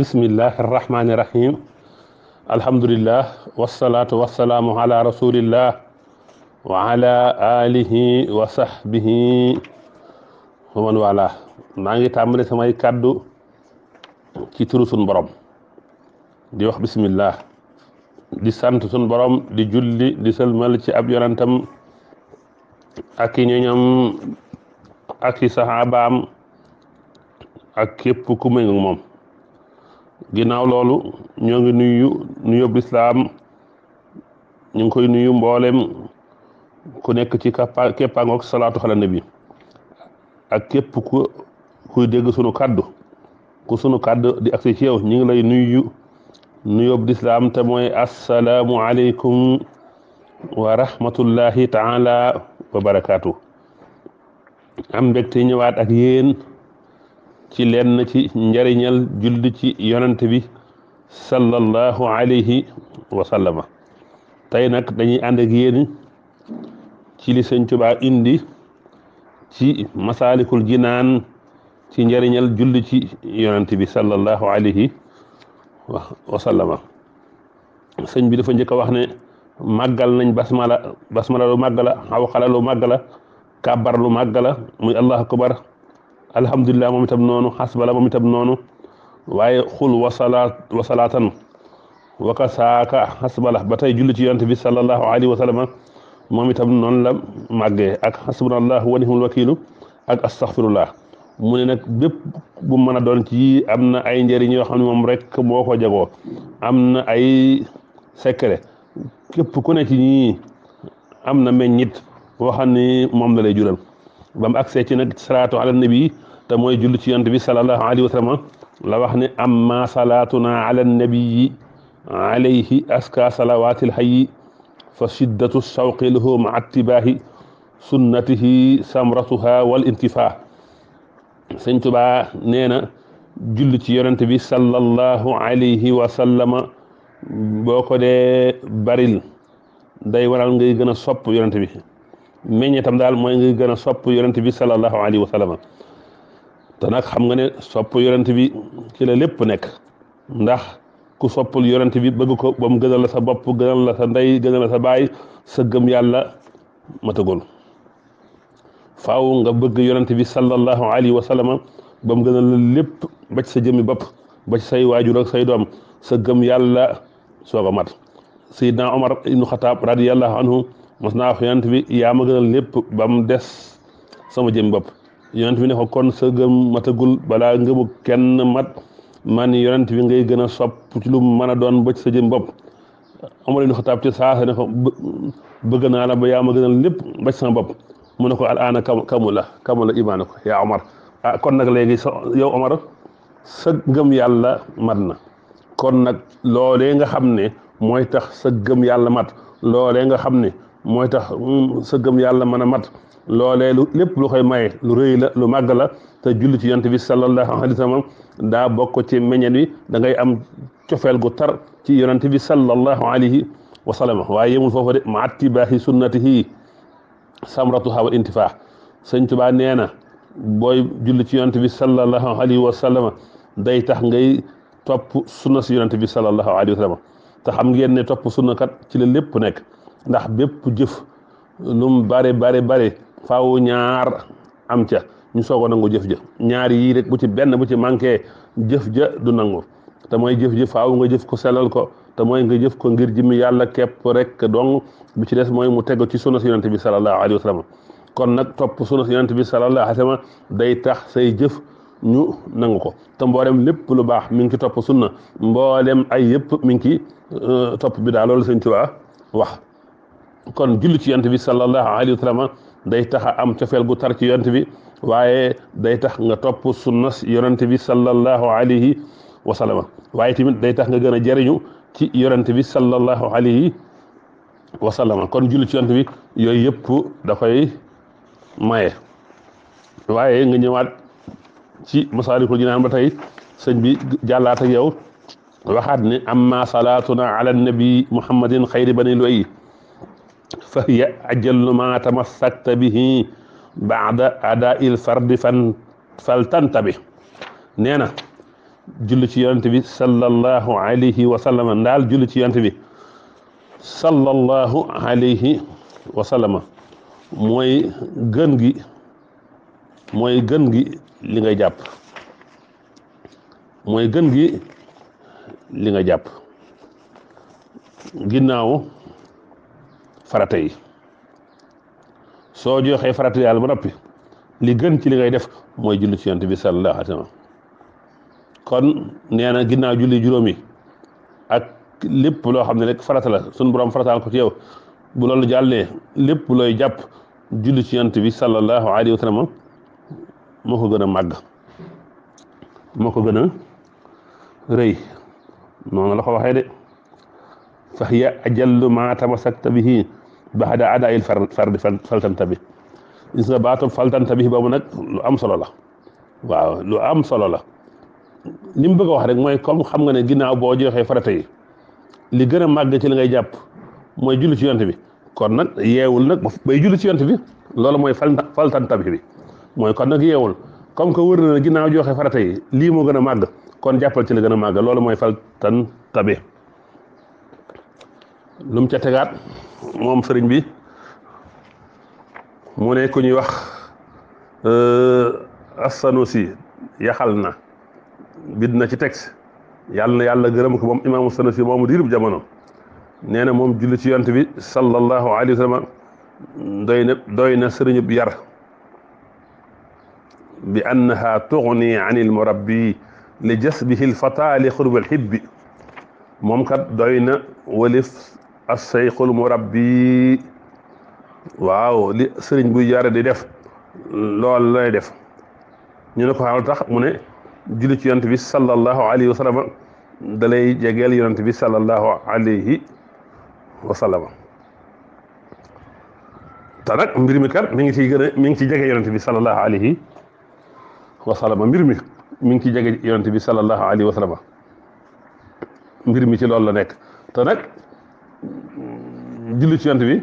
bismillahi irrahmani irrahim alhamdulillah wasalaatu wasalaamu ala rasulillah wa ala alihi wa sahbihi wa man wala maa ngi tàmbale samay kàddu ci turu sun borom di wax bismillah di sant sun borom di julli di sëlmal ci ab yonantam ak i ñoñam ak i saxaabaam ak képp ku méng moom ginnaaw loolu ñoo ngi nuyu nuyób lislaam ñu ngi koy nuyu mboolem ku nekk ci kappa keppaangook salaatu xala ak képp ku kuy dégg sunu kàddu ku sunu kàddu di agsi ci yow ñu ngi lay nuyu nuyób lislaam te mooy assalaamu aleykum wa rahmatullahi taala wa barakaatu am mbégte ñëwaat ak yéen ci lenn ci njariñal julli ci yonent bi sallallahu alayhi wa sallama tey nag dañuy ànd ak ci li sëñ indi ci masaalikul jinaan ci njariñal julli ci yonent bi sallallahu alayhi wa sallama sëñ bi dafa njëkk wax ne màggal nañ basmala basmala lu màgg la xaw xala lu màgg la kàbbar lu akbar alhamdulilah moom itam noonu xasbala moom itam noonu waay xul wasalaat wasalaatan wakasaaka xasbala ba tey julli ci yonent bi sallallahu alayhi wa sallam moom itam noonu la màggee ak xasbunallah wa nihmul wakiilu ak astaghfirullah mu ne nag bépp a doon ci am na ay njëriñ yoo xam ne moom rek moo ko jagoo am na ay secret képp ku ci ñii am na meññit boo ni moom lay jural. ba mu agsee ci nag salaatu ala nabi te mooy julli ci yonent bi sallallahu alayhi wa sallam la wax ne amma salaatuna ala nabi alayhi aska salawaatil hayyi fa shiddatu shawqi lahu ma attibaahi sunnatihi samratuha wal intifaa sëñ Tubaa nee na julli ci yonent bi sallallahu alayhi wa sallama boo ko dee baril day waral ngay gën a sopp yonent bi meññeetam daal mooy nga gën a sopp yonent bi sallallahu alayhi wa sallam te nag xam nga ne sopp yonent bi ci la lépp nekk ndax ku sopp yonent bi bëgg ko ba mu gënal la sa bopp gënal la sa ndey gënal la sa baay sa gëm yàlla matagul faw nga bëgg yonent bi sallallahu alayhi wa sallam ba mu gënal la lépp ba sa jëmmi bopp ba ci say waajur ak say doom sa gëm yàlla soog a mat Seydina Omar ibnu Xataab radiyallahu anhu mas naa wax yonent bi yaa ma gënal lépp ba des sama jëm bopp yonent bi ne ko kon sa gëm matagul balaa ngëmu kenn mat man yonent bi ngay gën a sopp ci lu mën a doon ba sa jëm bopp Omar ibn Xataab ci ne ko bëgg naa la ba yaa ma gënal lépp ba bopp mu ne ko alaana kam kamu la kamu la imaanu ko yaa Omar ah kon nag léegi sa yow Omar sa gëm yàlla mat na kon nag loolee nga xam ne mooy tax sa gëm yàlla mat loolee nga xam ne mooy tax sa gëm yàlla mën a mat loolee lu lépp lu koy maye lu rëy la lu màgg la te julli ci yonent bi sallallahu alayhi wa sallam daa bokk ci meññeen wi da ngay am cofeel gu tar ci yonent bi sallallahu alayhi wa sallam waaye yemul foofu de ma attibaahi sunnatihi samratuha wal intifaa sëñ Tuubaa nee na booy julli ci yonent bi sallallahu alayhi wa sallam day tax ngay topp sunna si yonent bi sallallahu alayhi wa sallam te xam ngeen ne topp sunna kat ci la lépp nekk ndax bépp jëf lum bare bari bari faaw ñaar am ca ñu soogoo a nangu jëf ja ñaar yii rek bu ci benn bu ci manqué jëf ja du nangu te mooy jëf ji faaw nga jëf ko selal ko te mooy nga jëf ko ngir jëmmi yàlla képp rek dong bi ci des mooy mu tegoo ci sunna si yonent bi sallallahu alayhi wa sallam kon nag topp sunna si yonent bi sallallahu alayhi wa sallam day tax say jëf ñu nangu ko te mboolem lépp lu baax mi ngi ci topp sunna mbooleem ay yëpp mi ngi ci euh, topp bi daal loolu Sëñ Tuubaa wax kon julli ci yant bi sallallahu alayhi wa day tax a am cofeel gu tar ci yonent bi waaye day tax nga topp sunnas yonent bi sallallahu alayhi wa sallam waaye tamit day tax nga gën a jariñu ci yonent bi sallallahu alayhi wa sallam kon julli ci yonent bi yooyu yëpp dafay maye waaye nga ñëwaat ci masaalikul jinaan ba tey sëñ bi jàllaat ak yow waxaat ne amma salaatuna ala nabi muhammadin xayri bani luy fa hiya ajallu ma tamassakta bihi baada adaa'il fardi fan faltantabi nee na julli ci yonent bi sallallahu alayhi wa sallama ndaal julli ci yonent bi sallallahu alayhi wa sallama mooy gën gi mooy gën gi li ngay jàpp mooy gën gi li nga jàpp ginnaaw farata yi soo joxee farata yàlla ba noppi li gën ci li ngay def mooy julli ci yonent bi sallallahu alayhi kon nee na ginnaaw julli juróomi ak lépp loo xam ne rek farata la sunu borom farataal ko ci yow bu loolu jàllee lépp looy jàpp julli ci yonent bi sallallahu alayhi wa sallam moo ko gën a màgg moo ko gën a rëy noonu la ko waxee de fa hiya ajallu ma tamasakta bihi far baxda adaayil fardi faltantabih gis nga baatu faltantabih boobu nag lu am solo la waaw lu am solo la li mu bëgg a wax rek mooy comme xam nga ne ginnaaw boo joxee farata yi li gën a màgg ci li ngay jàpp mooy julli ci bi kon nag yeewul nag bay julli ci bi loolu mooy faltantabih bi mooy kon nag yeewul comme que wër na joxe farata yi lii moo gën a màgg kon jàppal ci li gën a màgg loolu mooy faltantabih lu mu ca tegaat moom sëriñ bi mu ne ku ñuy wax euh, Sanusi yaxal na bind na ci texte yàlla na yàlla gërëm ko moom imaamu Sanusi moomu diirub jamono nee na moom julli ci yont bi sallallahu alayhi wa sallam doy na doy na sëriñu bi yar bi annaha tugni an il murabbi li jasbihi l fata li xurbil xibbi moom kat doy na walif asseyxul murabbi waaw li sëriñ buy jaare di def lool lay def ñu ne ko xamal tax mu ne julli ci yonent bi sallallahu alayhi wa sallama bi sallallahu te nag mbir mi kat mi ngi ciy gën mi ngi ci jege yonent bi sallallahu alayhi wa mbir mi mi ngi ci jege yonent bi sallallahu alayhi wa mbir mi ci loolu la nekk te julli ci yonent bi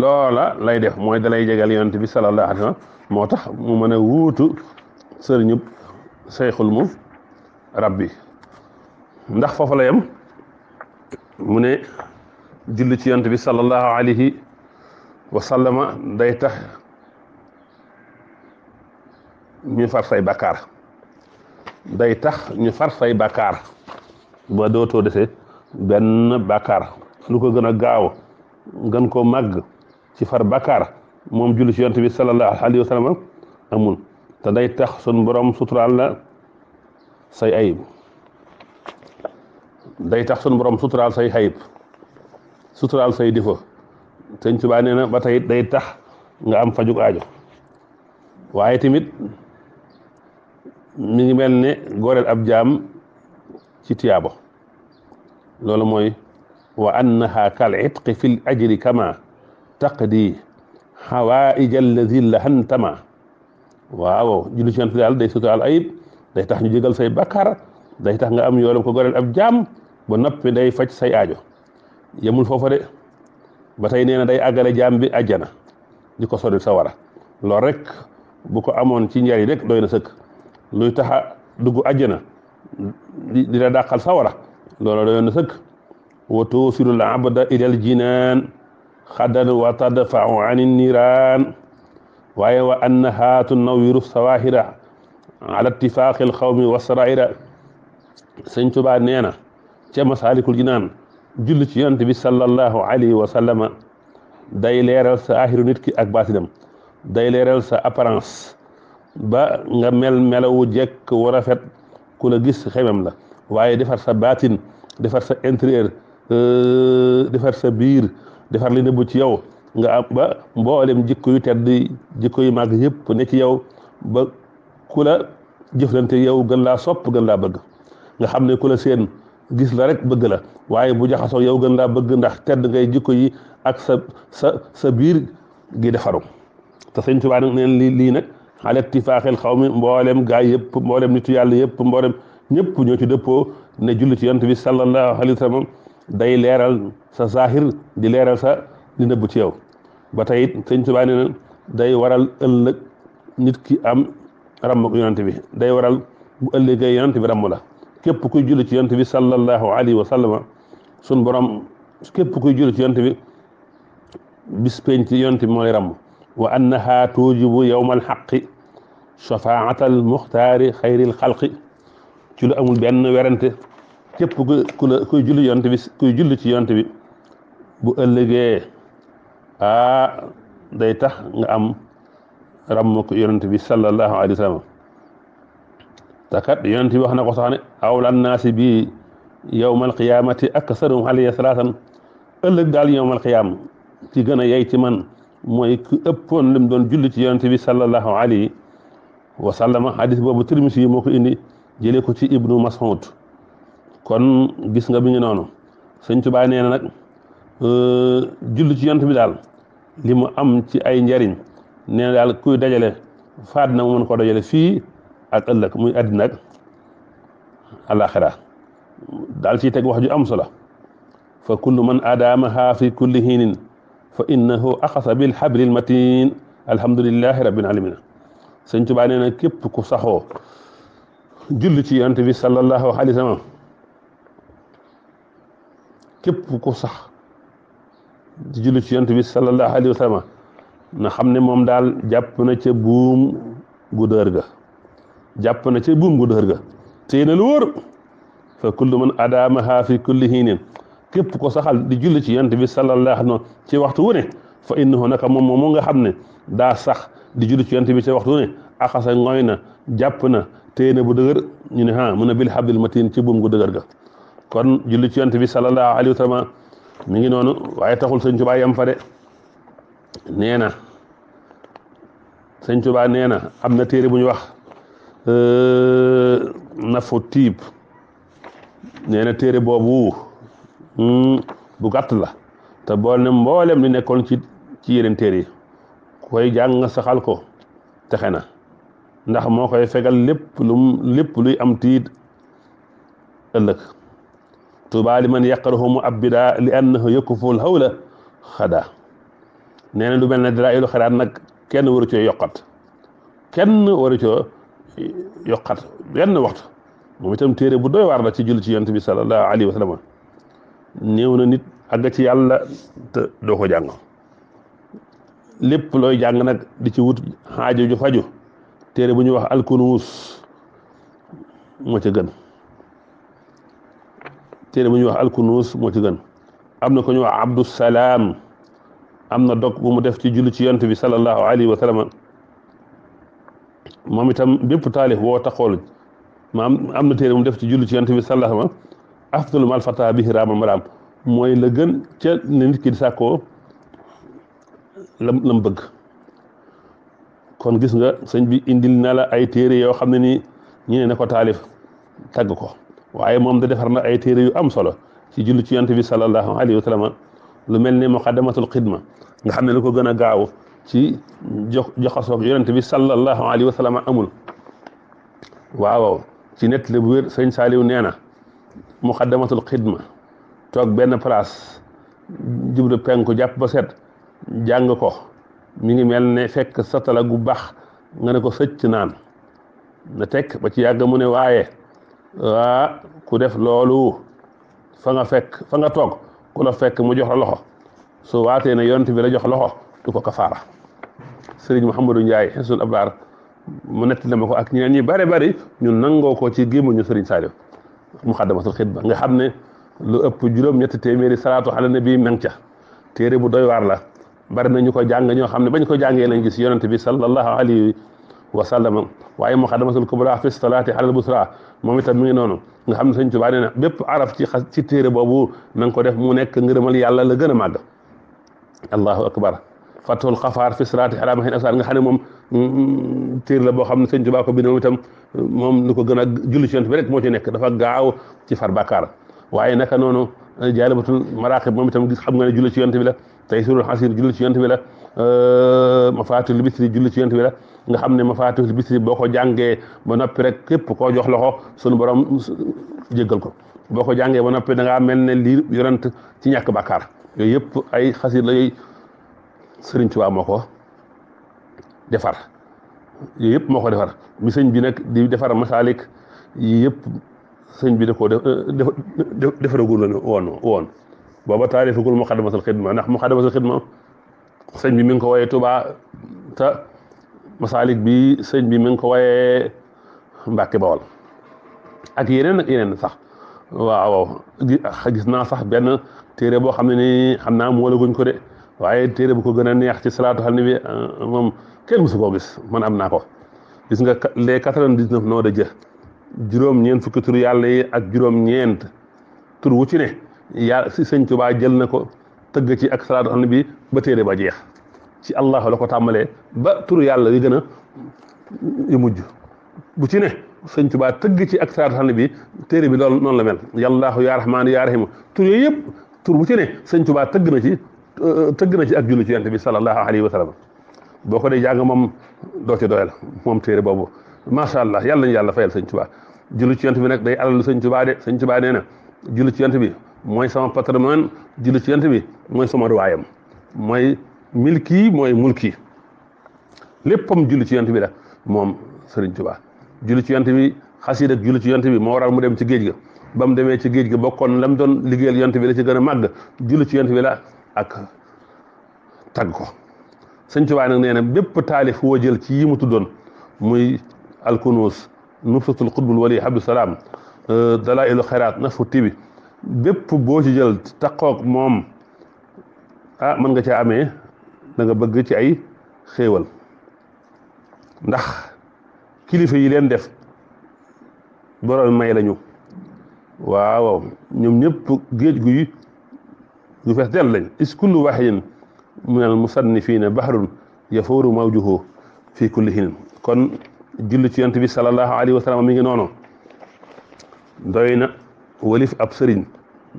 loola lay def mooy dalay jegal yonent bi sallallahu alayhi moo tax mu mën a wuutu sëriñub seyxul mu rabbi ndax foofu la yem mu ne julli ci yonent bi sallallahu alayhi wa sallama day tax ñu far say bàkkaar day tax ñu far say bàkkaar ba dootoo dese benn bàkkaar lu ko gën a gaaw gën koo màgg ci far bakkaar moom julli ci yonent bi sallallahu alayhi wa sallam amul te day tax sun borom suturaal la say ayib day tax sun borom suturaal say ayib suturaal say difa sëñ Tuubaa nee ba tey day tax nga am fajug aajo waaye tamit mi ngi mel ne goreel ab jaam ci tiyaabo loolu mooy wa annaha kal itqi fi l ajri kama taqdi xawaaija allazi lahantama waaw julli ci yonent daal day suturaal ayib day tax ñu jégal say bakkaar day tax nga am yoolam ko goreel ab jaam ba noppi day faj say aajo yemul foofa de ba tey nee day àggale jaam bi àjjana di ko sori sa loolu rek bu ko amoon ci njariñ rek doy na sëkk luy taxa dugg àjjana di la dàqal sa wara loolu na sëkk wa tuusilul abda ilal jinaan xadan wa tadfau ani niiraan waaye wa annaha tunawiru sawahira ala ittifaaqil xawmi wa saraira sëñ Tuubaa nee na ca masaalikul jinaan julli ci yonent bi sallallahu alayhi wa sallama day leeral sa aaxiru nit ki ak baatinam day leeral sa apparence ba nga mel melawu jekk wu rafet ku la gis xemem la waaye defar sa baatin defar sa intérieur defar sa biir defar li bu ci yow nga am ba mboolem jikko yu tedd jikko yu màgg yëpp ne ci yow ba ku la jëflante yow gën laa sopp gën laa bëgg nga xam ne ku la seen gis la rek bëgg la waaye bu jaxasoo yow gën laa bëgg ndax tedd ngay jikko yi ak sa sa sa biir gi defaru te sëñ Tuubaa nag neen li lii nag ala ittifaaxil xaw mi mboolem gaay yëpp mboolem nitu yàlla yëpp mboolem ñëpp ñoo ci dëppoo ne julli ci yonent bi sallallahu alayhi wa sallam day leeral sa zahir di leeral sa di nëbb ci yow ba tey it sëñ day waral ëllëg nit ki am ramm yonent bi day waral bu ëllëgee yonent bi ramm la képp kuy julli ci yonent bi sallallahu alayhi wa sallama sun borom képp kuy julli ci yonent bi bis penc yonent bi mooy ramm wa annaha tujibu yawmal haqqi shafaatal muxtaari xayril xalqi ci lu amul benn werante képp ku ku la kuy julli ci yonte bi bu ëllëgee aa day tax nga am ràmm ko yonte bi sallallahu alayhi wa sallam takat bi wax na ko sax ne awla naasi bi yowmal qiyaamati aksaruhum alayya salaatan ëllëg daal yowmal qiyaam ci gën a yey ci man mooy ku ëppoon lim doon julli ci yonte bi sallallahu alayhi wa sallama hadis boobu Tirmisi yi moo ko indi jëlee ko ci Ibnu Mas'ud kon gis nga bi noonu sëñ Tuubaa nee na nag euh, julli ci yont bi daal li mu am ci ay njariñ nee daal kuy dajale faat na mu mën koo dajale fii ak ëllëg muy àddina ak àlaxira daal ciy teg wax ju am solo fa kullu man aadaamaha fi kulli hiinin fa innahu axasa bil xabril matin alhamdulilahi rabbil alamina sëñ Tuubaa nee na képp ku saxoo julli ci yont bi sallallahu alayhi wa képp ko sax di julli ci yonent bi sallallahu alayhi wa na xam ne moom daal jàpp na ca buum gu dër ga jàpp na ca buum gu dër ga téye na lu wóor fa kullu man adaamaha fi kulli hiinin képp ko saxal di julli ci yonent bi sallallahu alayhi wa ci waxtu wu ne fa innahu naka moom moom nga xam ne daa sax di julli ci yonent bi ci waxtu wu ne axasa ngooy na jàpp na téye bu dëgër ñu ne ah mun a bil hablil matiin ci buum gu dëgër ga kon julli ci yonent bi sallallahu alayhi wa sallam mi ngi noonu waaye taxul sëñ Tuubaa yam fa de nee na sëñ Tuubaa nee na am na téere bu ñu wax euh, nafu tiib nee na téere boobu hmm, bu gàtt la te bool ne mboolem li nekkoon ci ci yeneen téere yi koy jàng nga saxal ko texe na ndax moo koy fegal lépp luy am tiit ëllëg tuubaa li man yaqarahu mu abida li annahu yakuful hawla xada nee na lu mel ne dara ilu xalaat nag kenn waru coo yokkat kenn waru coo yokkat benn waxtu moom itam téere bu doy waar la ci julli ci yonent bi sallallahu alayhi wa sallam néew na nit àgg ci yàlla te doo ko jàng lépp looy jàng nag di ci wut xaajo ju faju téere bu ñuy wax alkunuus moo ca gën téere bu ñuy wax alkunuus moo ci gën am na ko ñu wax am na dog mu def ci julli ci yant bi sallallahu alayhi wa sallam moom itam bépp taalif woo taxool maam am na téere mu def ci julli ci bi sallallahu alayhi mooy la gën ca ne nit ki di sàkkoo lam bëgg kon gis nga sëñ bi indil nala ay téere yoo xam ne nii ñu ko taalif tagg ko waaye moom da defar na ay téere yu am solo ci julli ci yonent bi sallallahu alayhi wa sallam lu mel ni muqaddamatul xidma nga xam ne lu ko gën a gaaw ci jox joxasoog yonent bi sallallahu alayhi wa sallam amul waaw ci nett le bu wér sëñ Saaliw nee na muqaddamatul xidma toog benn place jublu penku jàpp ba set jàng ko mi ngi mel ne fekk satala gu baax nga ne ko sëcc naan na tekk ba ci yàgg mu ne waaye waa ah, ku def loolu fa nga fekk fa nga toog ku la fekk mu jox la loxo su waatee ne yonent bi la jox loxo du ko kafaara Serigne Mouhamadou Ndiaye Hizbul Abraar mu nett dama ko ak ñeneen ñi bari bari ñu nangoo ko ci ñu gémmiñu Serigne Saliou muqaddamatul xidma nga xam ne lu ëpp juróom-ñetti téeméeri salaatu ala nabi mang ca téere bu doy waar la bari na ñu ko jàng ñoo xam ne bañ ko jàngee lañ gis yonent bi sallallahu alayhi wa sallama waaye muqaddamatul kubra fi salaati alal busra moom itam mi noonu nga xam ne sëñ Tuubaa nee na bépp araf ci xas ci téere boobu ko def mu nekk ngërëmal yàlla la gën a màgg allahu akbar fathul xafaar fi salaati ala mahin absar nga xam ne moom mm, téere la boo xam ne sëñ Tuubaa ko bind moom itam moom lu ko gën a julli ci yonent bi rek moo ci nekk dafa gaaw ci far bàkkaar waaye naka noonu eh, jaalibatul maraqib moom itam gis xam nga ne julli ci yonent bi la taysiirul xasir julli ci yonent bi la eh, mafaatul bisri julli ci yonent bi la nga xam ne mafaatihul bisri boo ko jàngee ba noppi rek képp koo jox loxo sunu borom jéggal ko boo ko jàngee ba noppi da ngaa mel ne lii yonent ci ñàkk bàkkaar yooyu yëpp ay xasida la yooyu Sëriñ Tuubaa moo ko defar yooyu yëpp moo ko defar bi sëñ bi nag di defar masaalik yëpp sëñ bi da koo def defaragul woon woon booba taarifagul muqaddamatul xidma ndax muqaddamatul xidma sëñ bi mi ko woyee Tuubaa masaalik bi sëñ bi mi ngi ko wayee Mbàkke Bawol ak yeneen ak yeneen sax waaw gis naa sax benn téere boo xam ne ni xam naa moo la ko de waaye téere bu ko gën a neex ci salaatu xal ni bi uh, moom kenn mësu koo gis man am naa ko gis nga les quatre-vingt-dix-neuf de Dieu juróom-ñeent fukki tur yàlla yi ak juróom-ñeent tur wu ci ne yàlla si sëñ Tuubaa jël na ko tëgg ci ak salaatu xal ni bi ba téere ba jeex ci allah la ko tàmbalee ba turu yàlla yi gën a mujj bu ci ne sëñ Tuubaa tëgg ci ak saartan bi téere bi loolu noonu la mel yàllaahu yaa rahmaanu ya rahimu tur yooyu yëpp tur bu ci ne sëñ Tuubaa na ci tëgg na ci ak julli ci yonent bi sallallahu alayhi wa sallam boo ko dee jàng moom doo ci doyal moom téere boobu macha allah yàlla ñu yàlla fayal sëñ Tuubaa julli ci yonent bi nag day alalu sëñ Tuubaa de sëñ Tuubaa nee na julli ci yent bi mooy sama patrimoine julli ci yent bi mooy sama ruwaayam milki mooy mulki léppam julli ci yonent bi la moom Sëriñ Tuubaa julli ci yonent bi xasida julli ci yonent bi moo waral mu dem ci géej ga ba mu demee ci géej gi bokkoon lam doon liggéeyal yonent bi la ci gën a màgg julli ci yonent bi la ak tagg ko Sëriñ Tuubaa nag nee na bépp taalif woo jël ci yi doon muy alkunus nufsatul xutbul wali abdusalaam euh, dalaa ilu xayraat nafu tibi bépp boo ci jël taqoog moom ah mën nga caa amee danga nga bëgg ci ay xéewal ndax kilifa yi leen def borom may lañu waaw ñoom ñëpp géej guy gu fees del lañ is kullu waxidin min al musannifiina bahrun yafuuru mawjuhu fi kulli kon julli ci yonent bi sallallahu alayhi wa sallam mi ngi noonu doy na walif ab sëriñ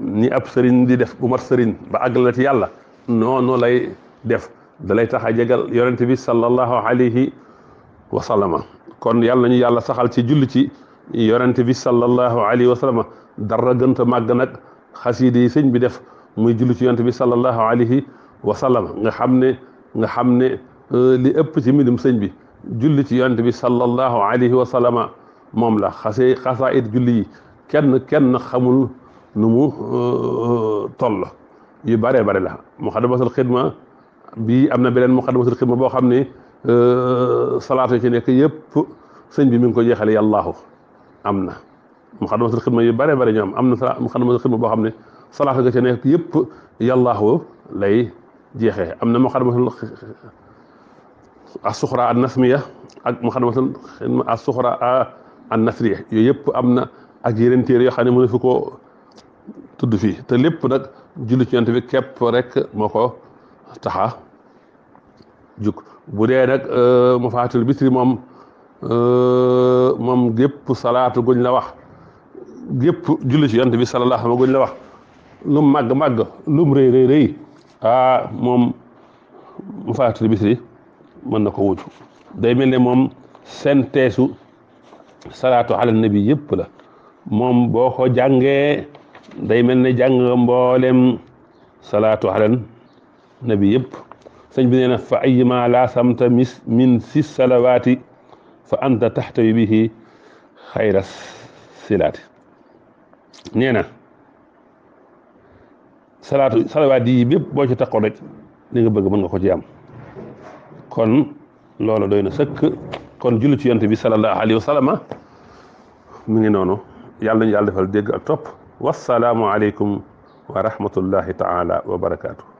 ni ab sëriñ di def bu mat ba àgg la ci yàlla noonu lay def dalay tax a jegal yonent bi sallallahu alayhi wa sallama kon yàlla ñu yàlla saxal ci julli ci yonent bi sallallahu alayhi wa sallama dara gënta màgg nag xasiida yi sëñ bi def muy julli ci yonent bi sallallahu alayhi wa sallama nga xam ne nga xam ne euh, li ëpp ci mbindum sëñ bi julli ci yonent bi sallallahu alayhi wa sallama moom la xase xasaayid julli yi kenn kenn xamul nu mu euh, toll yu bare bare la muxadamatul xidma bii am na beneen muqaddamatul xidma boo xam ne euh, salaatu yi ci nekk yëpp sëñ bi mi ngi ko jeexale yàllaahu am na muqaddamatul xidma yu bare bare ñoom am na sa muqaddamatul xidma boo xam ne salaatu ga ci nekk yëpp yàllaahu lay jeexe am na muqaddamatul asuxra an nasmiya ak muqaddamatul xidma asuxra yooyu yëpp am na ak yeneen téere yoo xam ne mënu fi ko tudd fii te lépp nag julli ci yonent bi képp rek moo ko taxa jug bu dee nag euh, mu faatul bitri moom euh, moom gépp salaatu guñ la wax gépp julli bi sallallahu alayhi wa la wax lum màgg màgg lum rëy rëy rëy ah moom mu faatul bitri mën na ko wutu day mel ne moom senteesu salaatu ala nabi yëpp la moom boo ko jàngee day mel ne jàng mboolem salaatu alan nabi yëpp sëñ bi nee na fa ayima laa samta mis min si salawaati fa anta taxtawi bihi xayra silaati nee na salaatu salawaat yi bépp boo ci taxoon rek li nga bëgg mën nga ko ci am kon loolu doy na sëkk kon julli ci yonent bi sallallahu alayhi wa sallama mu ngi noonu yàlla nañu yàlla defal dégg ak topp wassalaamu aleykum wa rahmatullahi taala wa barakaatu